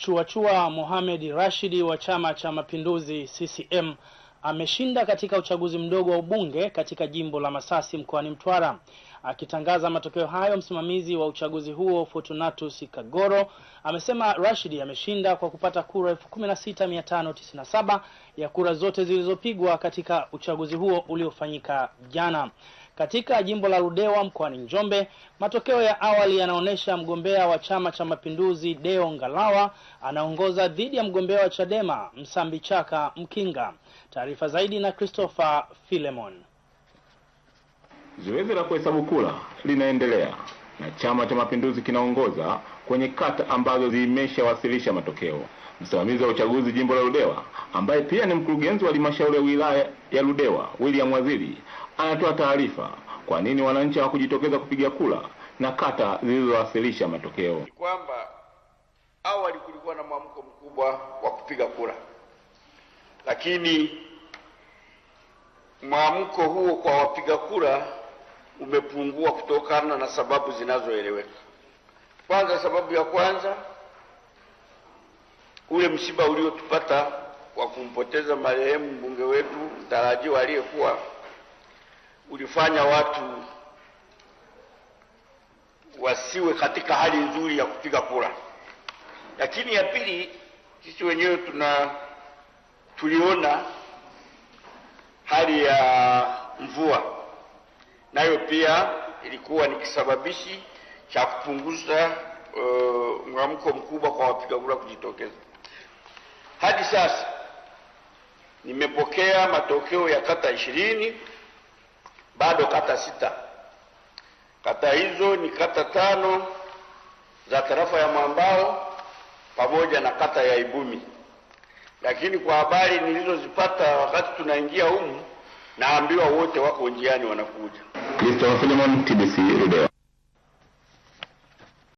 Chuachua Mohamed Rashidi wa Chama cha Mapinduzi CCM ameshinda katika uchaguzi mdogo wa ubunge katika jimbo la Masasi mkoani Mtwara. Akitangaza matokeo hayo, msimamizi wa uchaguzi huo Fortunatus Kagoro amesema Rashidi ameshinda kwa kupata kura 16597 ya kura zote zilizopigwa katika uchaguzi huo uliofanyika jana katika jimbo la Ludewa mkoani Njombe. Matokeo ya awali yanaonyesha mgombea wa Chama cha Mapinduzi Deo Ngalawa anaongoza dhidi ya mgombea wa Chadema Msambi Chaka Mkinga. Taarifa zaidi na Christopher Filemon. Zoezi la kuhesabu kura linaendelea na Chama cha Mapinduzi kinaongoza kwenye kata ambazo zimeshawasilisha matokeo. Msimamizi wa uchaguzi jimbo la Ludewa ambaye pia ni mkurugenzi wa halmashauri ya wilaya ya Ludewa, William Waziri, anatoa taarifa kwa nini wananchi hawakujitokeza kupiga kura na kata zilizowasilisha matokeo. Kwamba awali kulikuwa na mwamko mkubwa wa kupiga kura, lakini mwamko huo kwa wapiga kura umepungua kutokana na sababu zinazoeleweka. Kwanza, sababu ya kwanza, ule msiba uliotupata wa kumpoteza marehemu mbunge wetu mtarajiwa aliyekuwa, ulifanya watu wasiwe katika hali nzuri ya kupiga kura. Lakini ya pili, sisi wenyewe tuna tuliona hali ya mvua nayo pia ilikuwa ni kisababishi cha kupunguza uh, mwamko mkubwa kwa wapiga kura kujitokeza. Hadi sasa nimepokea matokeo ya kata ishirini, bado kata sita. Kata hizo ni kata tano za tarafa ya Mwambao pamoja na kata ya Ibumi, lakini kwa habari nilizozipata wakati tunaingia humu, naambiwa wote wako njiani wanakuja. Kristoffer Filemon, TBC, Umeå.